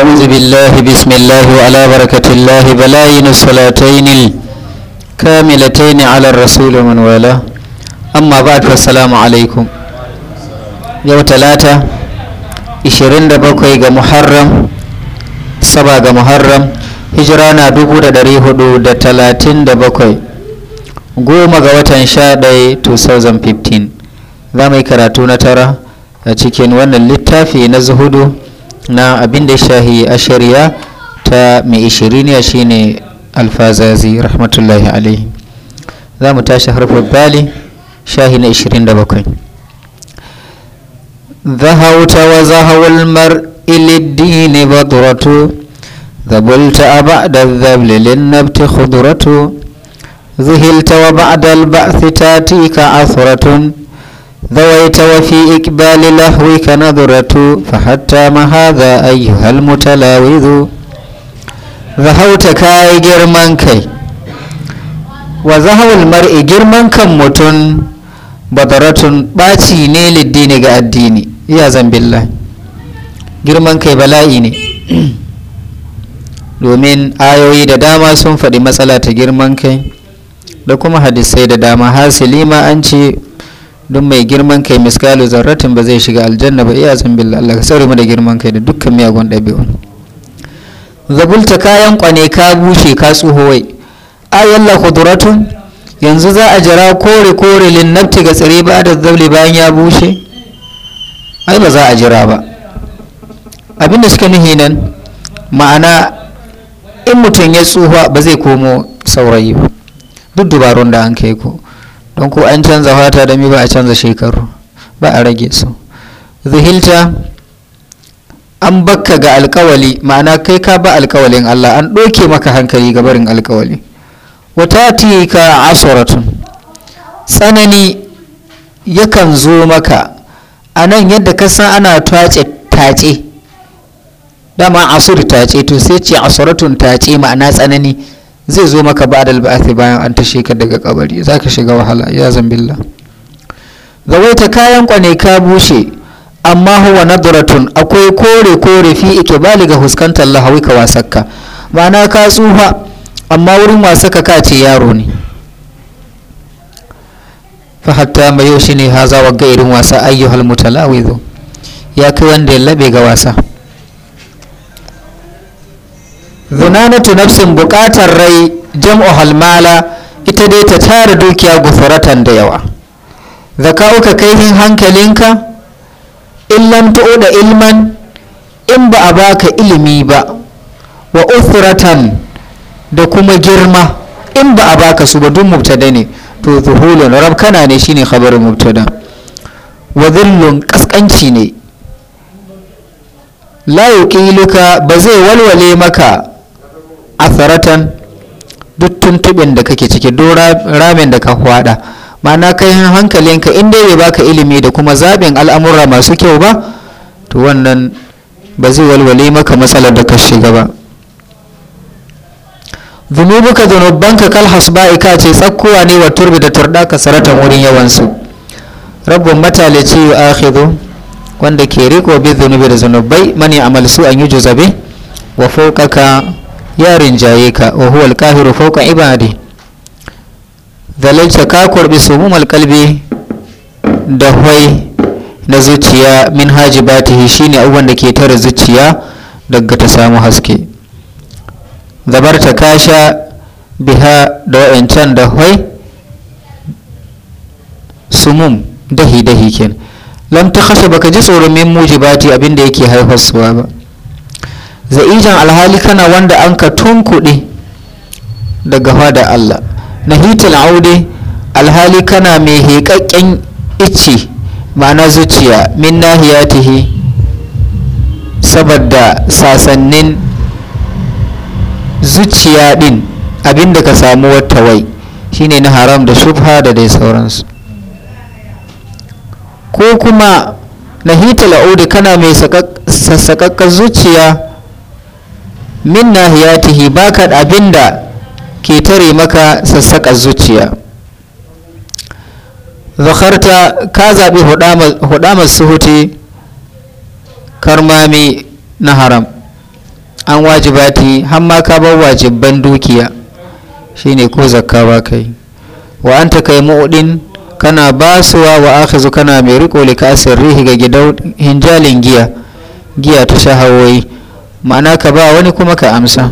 أعوذ بالله بسم الله وعلى بركة الله بلاين الصلاتين الكاملتين على الرسول من والاه أما بعد فالسلام عليكم يوم ثلاثة إشرين ga محرم saba محرم هجرانا hijira na 437 goma ga watan 11 2015 za mu yi karatu na tara a cikin wannan littafi na abin da shahi a shari'a ta mai shi shine alfazazi rahmatullahi alaihi za mu tashi harfar bali shahi na 27 zahauta wa zahawar mar'ilidini baturatu ذبلت ta الذبل للنبت wa ba'adar وبعد البعث تاتيك asuratun بويت وفي إقبال لهوك نظرة فحتى ما هذا أيها المتلاوذ ذهوت كاي جرمان وذهو المرء جرمان متن بضرة باتي نيل الدين غا الدين يا زنب الله جرمان بلائيني بلائي ne domin ayoyi da dama sun faɗi matsala ta girman kai da kuma hadisai da dama hasili ma an ce don mai girman kai miskalu zarratin ba zai shiga aljanna ba iya zambilla Allah ka mu da girman kai da dukkan miyagun ɗabi'u zabulta kayan kwane ka bushe ka tsuhuwai ayalla khudratun yanzu za a jira kore kore linnabti ga tsire ba da zauli bayan ya bushe ai ba za a jira ba abin da suka nuhi nan ma'ana in mutum ya tsohuwa ba zai komo saurayi ba duk dubarun da an kai ko don ko an canza fata da mi ba a canza shekaru ba a rage su zuhilta an bakka ga alkawali ma'ana kai ka ba alkawalin Allah an ɗoke maka hankali ga barin alkawali wata ka asoratun tsanani yakan zo maka a nan yadda ka san ana tace tace dama asur tace to sai ce asaratun tace ma'ana tsanani zai zo maka ba da bayan an tashe ka daga kabari za ka shiga wahala ya zambilla zawaita kayan kwane ka bushe amma huwa nadratun akwai kore kore fi bali ga huskantar lahawi ka wasakka ma'ana ka tsufa amma wurin wasaka ka ce yaro ne fa hatta mai yau shine haza wa gairin wasa ayyuhal mutalawidhu ya kai wanda ya labe ga wasa zinanatu nafsin bukatar rai jam'u halmala ita dai ta tara dukiya gufuratan da yawa zakauka kaihin hankalinka illan da ilman in ba a baka ilimi ba wa ufuratan da kuma girma in ba a baka su ba duk mubtada ne to zuhulun rabkana ne shine khabarin mubtada wa zillun kaskanci ne la yuqiluka ba zai walwale maka asaratan duk tuntuɓin da kake ciki duk ramin da ka hwada ma'ana kai hankalinka in dai bai baka ilimi da kuma zaɓin al'amura masu kyau ba to wannan ba zai walwale maka matsalar da ka shiga ba zunubuka ka kal ika ce tsakkuwa ne wa turbi da turda ka saratan wurin yawansu rabbun matalici wa akhidhu wanda ke riko bi zunubi da zunubai mani amal su an yi juzabe wa fokaka. ya rinjaye ka wa huwa alqahiru fawqa ibadi dalilta ka kurbi sumumul qalbi da hwai na zuciya min hajibatihi shine abubuwan da ke tara zuciya daga ta samu haske zabarta ka sha biha da wa'ancan da hwai sumum dahi dahi ken lam ta kashe baka ji tsoron min mujibati abinda yake haifarsuwa ba za'ijan alhali kana wanda an ka tunkuɗe daga fada Allah na hitil aude alhali kana mai heƙaƙƙen icci ma'ana zuciya min nahiyatihi saboda sasannin zuciya din abinda ka samu wata wai shine na haram da shubha da dai sauransu ko kuma na hitil aude kana mai sassaƙaƙƙar zuciya min nahiyatihi baka abinda ke tare maka sassaƙa zuciya zakarta ka zaɓi hudamar suhuti karmami na haram an wajibati hamma ka bar wajibban dukiya shine ko zakka ba kai wa an ta kai mu'udin kana basuwa wa akhizu kana mai riko likasin rihi ga gidan hinjalin giya giya ta shahawoyi ma'ana ka ba wani kuma ka amsa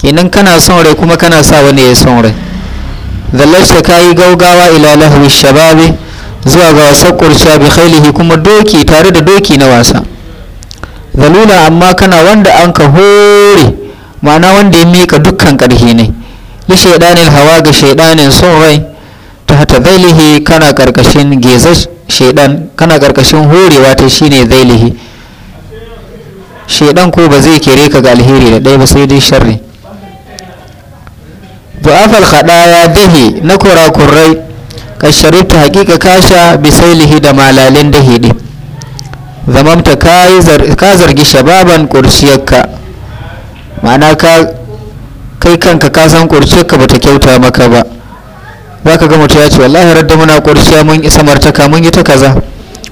kenan kana son rai kuma kana sa wani ya son rai zallarsa ka yi gaugawa ila lahwi shababi zuwa ga wasan kurciya bi khailihi kuma doki tare da doki na wasa zalula amma kana wanda an ka hore ma'ana wanda ya mika dukkan ƙarfi ne li shaidanin hawa ga shaidanin son rai ta hata zailihi kana ƙarƙashin gezar shaidan kana ƙarƙashin horewa ta shine zailihi shaidan ko ba zai kere ka ga alheri da ɗaya ba sai dai sharri du'afal khadaya dahi na kurakurai ka sharibta hakika kasha bisailihi da malalin dahi ɗin zamanta ka zargi shababan kursiyarka ma'ana ka kai kanka ka san kursiyarka ba ta kyauta maka ba za ka ga mutum ya ce wallahi radda muna kursiya mun yi samartaka mun yi ta kaza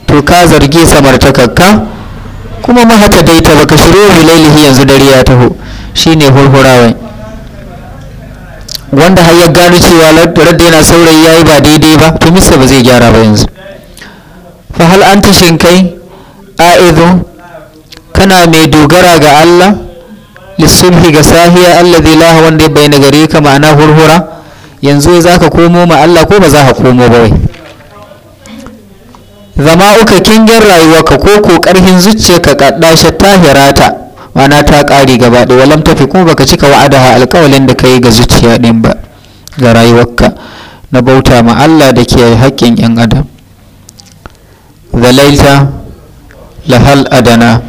to ka zargi samartakarka kuma ma haka dai ta baka shiru lailihi yanzu dare ya taho shine hurhurawan wanda har ya gano cewa radda yana saurayi yayi ba daidai ba to misa ba zai gyara ba yanzu fa hal anta shinkai a'idu kana mai dogara ga Allah lissulhi ga sahiya alladhi la wanda ya bayyana gare ka ma'ana hurhura yanzu za ka komo ma Allah ko ba za ka komo ba wai zama uka kingin rayuwarka ko ko karhin zuciyarka kaddashe ta hirata mana ta kare gaba da walam tafi kuma baka cika ha alkawalin da kai ga zuciya din ba ga rayuwarka na bauta ma Allah da ke haƙƙin yan adam zalaita lahal adana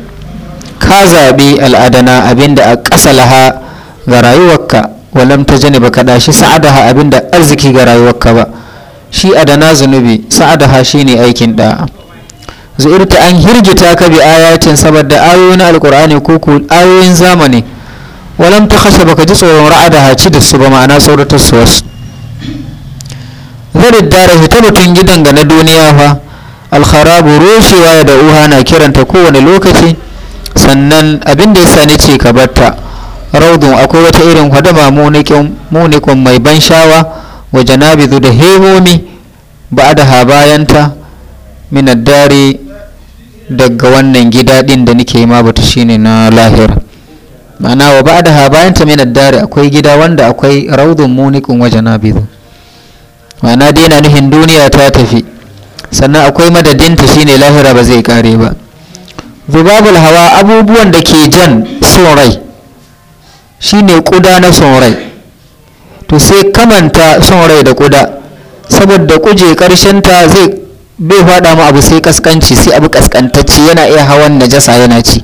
ka zaɓi al'adana abinda a ƙasa laha ga rayuwarka walam ta jani baka dashi sa'adaha abinda arziki ga rayuwarka ba shi adana zunubi sa'adaha shine aikin da zu'irta an hirgita ka bi ayatin saboda ayoyin alqur'ani ko ku ayoyin zamani walam ta kashe baka ji tsoron ra'adaha ci da su ba ma'ana tsoratar su wasu zarar dare hita mutum gidan ga na duniya fa alkharabu rushewa ya uha na kiranta kowane lokaci sannan abin da ya sani ce ka barta raudun akwai wata irin hadama munikon mai ban shawa wa janabizu da hemomi ba'daha bayanta min daga wannan gida din da nike ma bata shine na lahira ma'ana wa ba'daha bayanta min akwai gida wanda akwai raudun waje na janabidu ma'ana dai yana nuhin duniya ta tafi sannan akwai madadin ta shine lahira ba zai kare ba zubabul hawa abubuwan da ke jan son rai shine kuda na son rai to sai kamanta son rai da kuda saboda kuje karshen ta zai bai faɗa mu abu sai kaskanci sai abu kaskantacce yana iya hawan najasa yana ci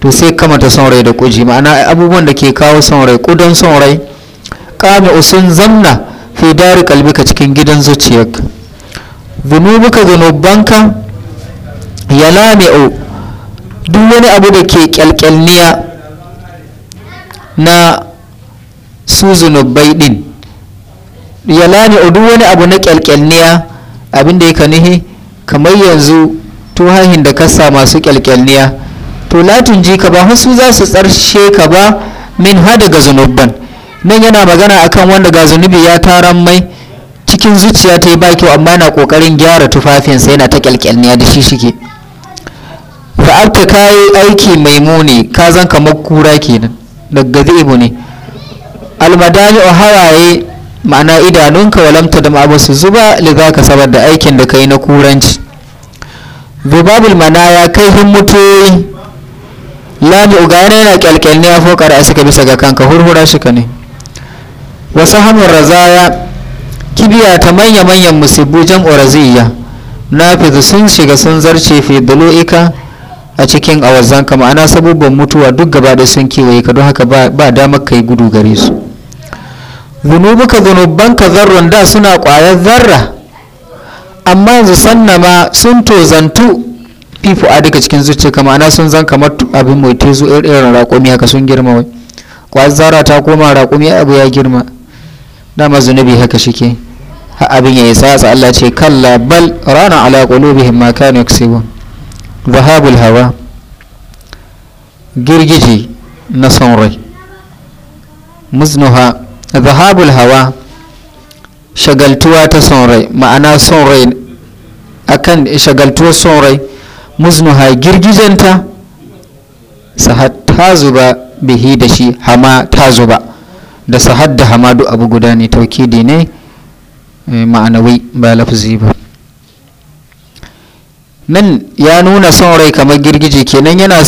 to sai kamata son rai da kuji ma'ana abubuwan da ke kawo son rai kudan son rai kame usun zamna fi dari kalbika cikin gidan zuciyarka zunubuka zunubanka ya lami'u duk wani abu da ke kyalkyalniya na su zunubai din yalani o duk wani abu na kyalkyalniya abin da kanihi nihi kamar yanzu tuhahin da kasa masu kyalkyalniya to latin ji ka ba su za su tsarshe ka ba min ha daga zunubban nan yana magana akan wanda ga zunubi ya taran mai cikin zuciya ta yi ba kyau amma na kokarin gyara tufafinsa yana ta kyalkyalniya da shi shike fa'abta ka yi aiki mai muni ka zan kamar kura kenan daga zai ne almadani hawaye ma'ana idanunka walamta da ma'abu su zuba sabar da aikin da ka yi na kuranci zubabul manaya kai mutu lami ugana yana kyalkyal ne ya fokar a suka bisa ga kanka hurhura shi ka ne wasu hamun razaya kibiya ta manya-manyan musibu jan oraziya na fizu sun shiga sun zarce fi dalo'ika a cikin awazanka ma'ana sabubban mutuwa duk gaba da sun kewaye ka don haka ba damar kai gudu gare su zunubuka zunubanka zarron da suna ƙwayar zarra amma yanzu ma sun tozantu fifo a duka cikin kama ana sun zan kamar abin mai tezo irin raƙumi haka sun girma wai ƙwayar zarra ta koma raƙumi abu ya girma dama zunubi haka shike ha abin yayi sa Allah ce kalla bal rana ala qulubihim ma kanu yaksibun zahabul hawa girgije na son rai muznuha zahabul hawa shagaltuwa ta son rai ma'ana son rai akan shagaltuwar son rai muznuha girgijanta sahad ta zuba bihi da shi hama ta zuba da sahad da hama duk abu guda ne taukidi ne eh, ma'anawi ba lafzi ba nan ya nuna son rai kamar girgije kenan yana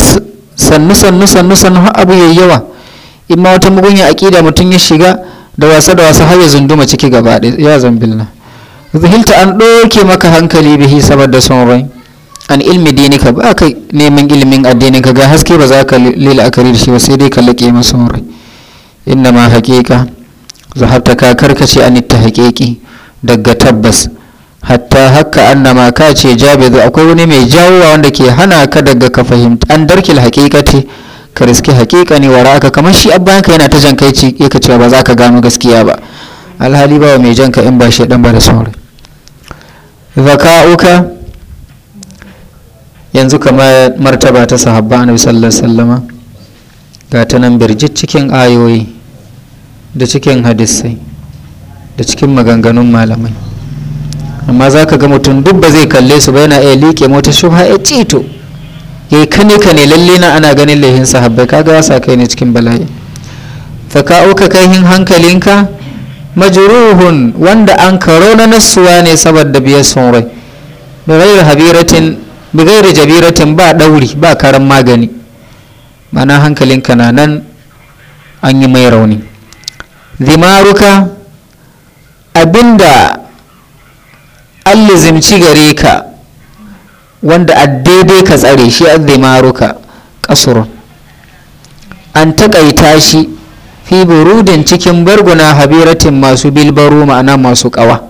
sannu sannu sannu sannu abu yayyawa yawa in ma wata mugunya aƙida mutum ya shiga da wasa da wasa har ya zunduma ciki gaba ɗaya ya zambilla zuhilta an ɗauke maka hankali bihi saboda son rai an ilmi dinika ba ka neman ilimin addinin ka ga haske ba za ka lila akari da shi ba sai dai ka laƙe masa rai inna ma haƙiƙa zahabta ka karkace an ta haƙiƙi daga tabbas hatta haka annama ka ce jabe akwai wani mai jawowa wanda ke hana ka daga ka fahimta an darkil ce. ka riske hakika ne wara aka kamar shi abban ka yana ta jan kai cewa ba za ka gano gaskiya ba alhali ba mai janka in ba dan ba da sauran zaka'uka yanzu kamar martaba ta sahabba annabi sallallahu alaihi wasallama ga ta nan birjit cikin ayoyi da cikin hadisai da cikin maganganun malamai amma za ka ga mutum duk ba zai kalle su ba yana iya liƙe mota shubha ya cito ya kane ka ne lalle na ana ganin laihin sahabbai kaga ya sa kai ne cikin bala'i fa ka auka kaihin hankalinka majruhun wanda an karo na nasuwa ne saboda biyar sun rai bigayar habiratin jabiratin ba dauri ba karan magani mana hankalinka na nan an yi mai rauni zimaruka abinda allizimci gare ka wanda a daidai ka tsare shi a maruka kasurun an taƙaita shi fi burudin cikin barguna habiratin masu bilbaro ma'ana masu ƙawa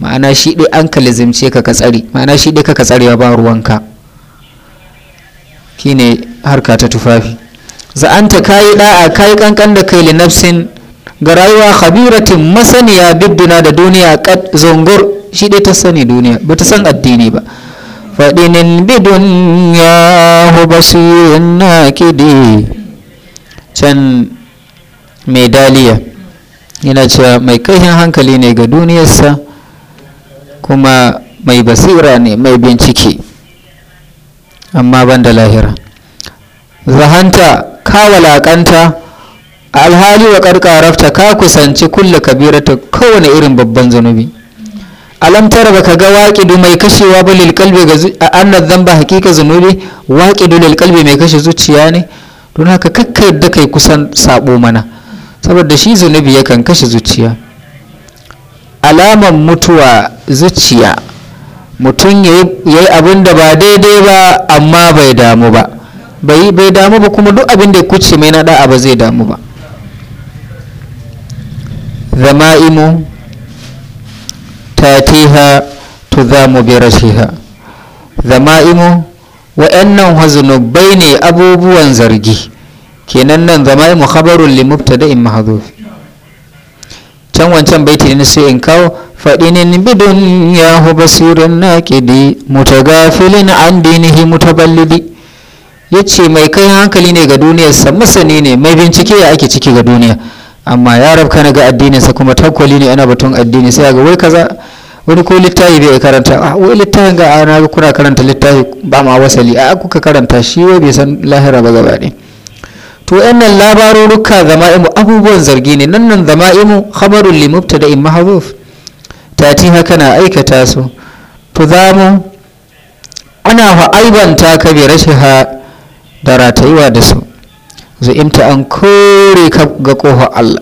ma'ana shi ɗai an kalizimce ka ka tsare ma'ana shi ɗai ka ka tsare ba ruwanka shine harka ta tufafi za'anta kayi ka kayi ƙanƙan da kai linafsin ga rayuwa habiratin masaniya bidduna da duniya kad zongor shi ɗai ta sani duniya ba ta san addini ba فإن بدنياه بصير ناكدي can mai daliya yana cewa mai kaihin hankali ne ga duniyarsa kuma mai basira ne mai bincike amma ban da lahira zahanta ka walakanta alhali wa karkarafta ka kusanci kulle ta kowane irin babban zunubi alam tara baka ga waqidu mai kashewa ba lil qalbi ga annad dhanba hakika zunubi waqidu lil qalbi mai kashe zuciya ne don haka kakka yadda kai kusan sabo mana saboda shi zunubi yakan kashe zuciya alaman mutuwa zuciya mutum ya yi abin da ba daidai ba amma bai damu ba bai bai damu ba kuma duk abin da kuce mai na ba zai damu ba zama'imu tatiha tuzamu bi rashiha zama'imu wa'annan hazunubai ne abubuwan zargi kenan nan zama'imu khabarun li mubtada'in mahdhuf can wancan baiti ne sai in kawo fadinin bidun yahu basirin naqidi mutagafilin an dinihi mutaballidi yace mai kai hankali ne ga duniyarsa masani ne mai bincike ya ake ciki ga duniya amma ya rabka na ga addininsa kuma takwali ne yana batun addini sai ga wai kaza wani ko littafi bai karanta a ah, wai littafin ga ana ah, kuna karanta littafi ba ma wasali a kuka karanta shi wai bai san lahira ba gaba ɗaya to yannan labarurruka zama'imu abubuwan zargi ne nan nan zama'imu khabarun li mubtada'in mahdhuf tati haka na aikata su to zamu ana fa aibanta ka bi rashiha da ratayuwa da su inta an kore ka ga ƙofar Allah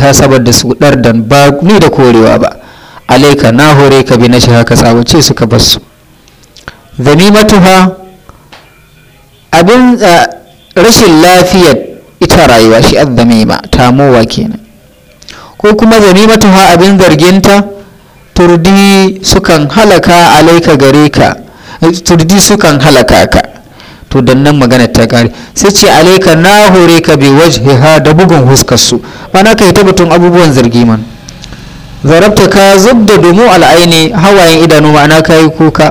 hasabar da su dan ba ni da korewa ba alaika na hore ka bi na shi haka tsawace suka bar su zamimatuha abin rashin lafiyar ita rayuwa shi an ta tamowa kenan ko kuma zamimatuha abin zarginta turdi sukan halaka alaika gare ka turdi sukan halaka ka to dan nan magana ta kare sai ce alaika na hore ka bi wajhiha da bugun huskar su mana kai ta batun abubuwan zargi man zarabta ka zubda domin al'aini hawayen idanu ma'ana kai kuka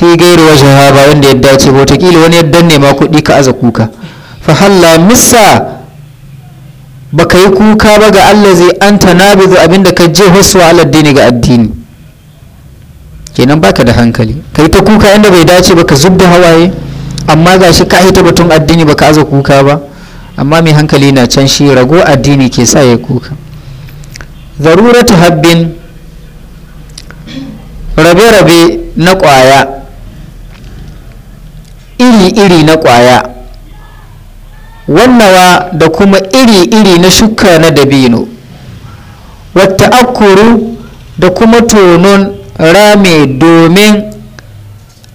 fi gairi wajhiha ba wanda ya dace ba kila wani ya danne ma kuɗi ka aza kuka fa halla missa baka yi kuka ba ga Allah allazi anta nabizu abinda ka je huswa aladdini ga addini kenan baka da hankali kai ta kuka inda bai dace ba ka zubda hawaye amma ga shi ka hita batun addini baka aza kuka ba amma mai hankali na can shi rago addini ke sa ya kuka zaruratu habbin rabe-rabe na kwaya iri-iri na kwaya wannawa da kuma iri-iri na shuka na dabino wata akuru da kuma tonon rame domin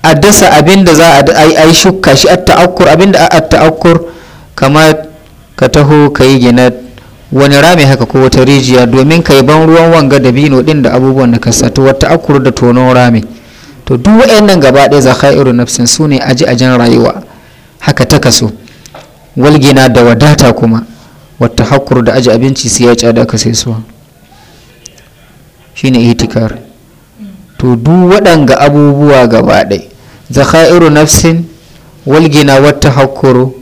a dasa abin da za a yi shuka shi a ta'akkur abin da a ta'akkur kamar ka taho ka yi gina wani rami haka ko wata rijiya domin ka yi ban ruwan wanga da bino din da abubuwan da ka sato wata akur da tonon rami to duk waɗannan gaba ɗaya zakairu nafsin su ne aji ajin rayuwa haka ta kaso walgina da wadata kuma wata hakuru da aji abinci sai ya da ka sai suwa shine itikar to duk waɗanga abubuwa gaba ɗaya zakha'iru nafsin walgina wata hakkuro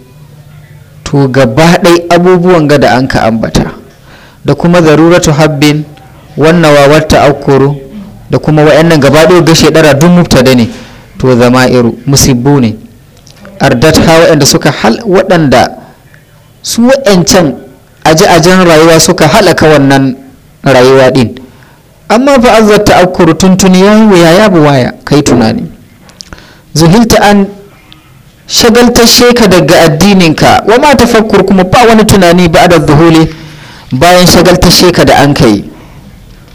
to gaba ɗai abubuwan gada an ka ambata da kuma zaruratu habbin wannawa wata akkuro da kuma wa'annan gaba ɗaya gashe ɗara duk mubtada ne to zama iru musibbu ne ardat ha waɗanda suka hal waɗanda su waɗancan aje-ajen rayuwa suka halaka wannan rayuwa din amma fa azzar ta'akkur tuntuni ya yi wuya ya buwaya kai tunani zuhilta an shagaltar sheka daga addininka wa ma tafakkur kuma ba wani tunani ba da buhule bayan shagaltar sheka da an kai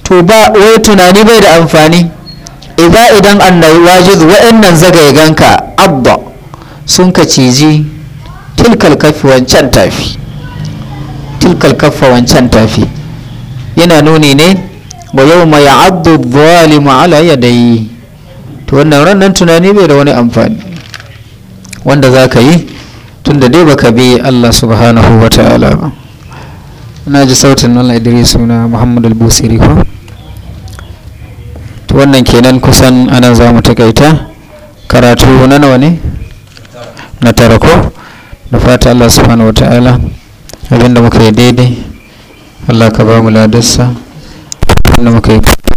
to ba wai tunani bai da amfani idan idan annai wajiz wa'annan zagayeganka abba sun ka ciji tilkal kafi wancan tafi tilkal kafa wancan tafi yana nuni ne wa yawma ya'addu adh-dhalimu ala yadayhi to wannan rannan tunani bai da wani amfani wanda za ka yi tunda dai baka bi Allah subhanahu wa ta'ala ba na ji sautin wannan idrisu na muhammad al-busiri ko to wannan kenan kusan anan za mu takaita karatu na nawa ne na tara ko da fata Allah subhanahu wa ta'ala abinda muka yi daidai Allah ka ba mu ladarsa abinda muka yi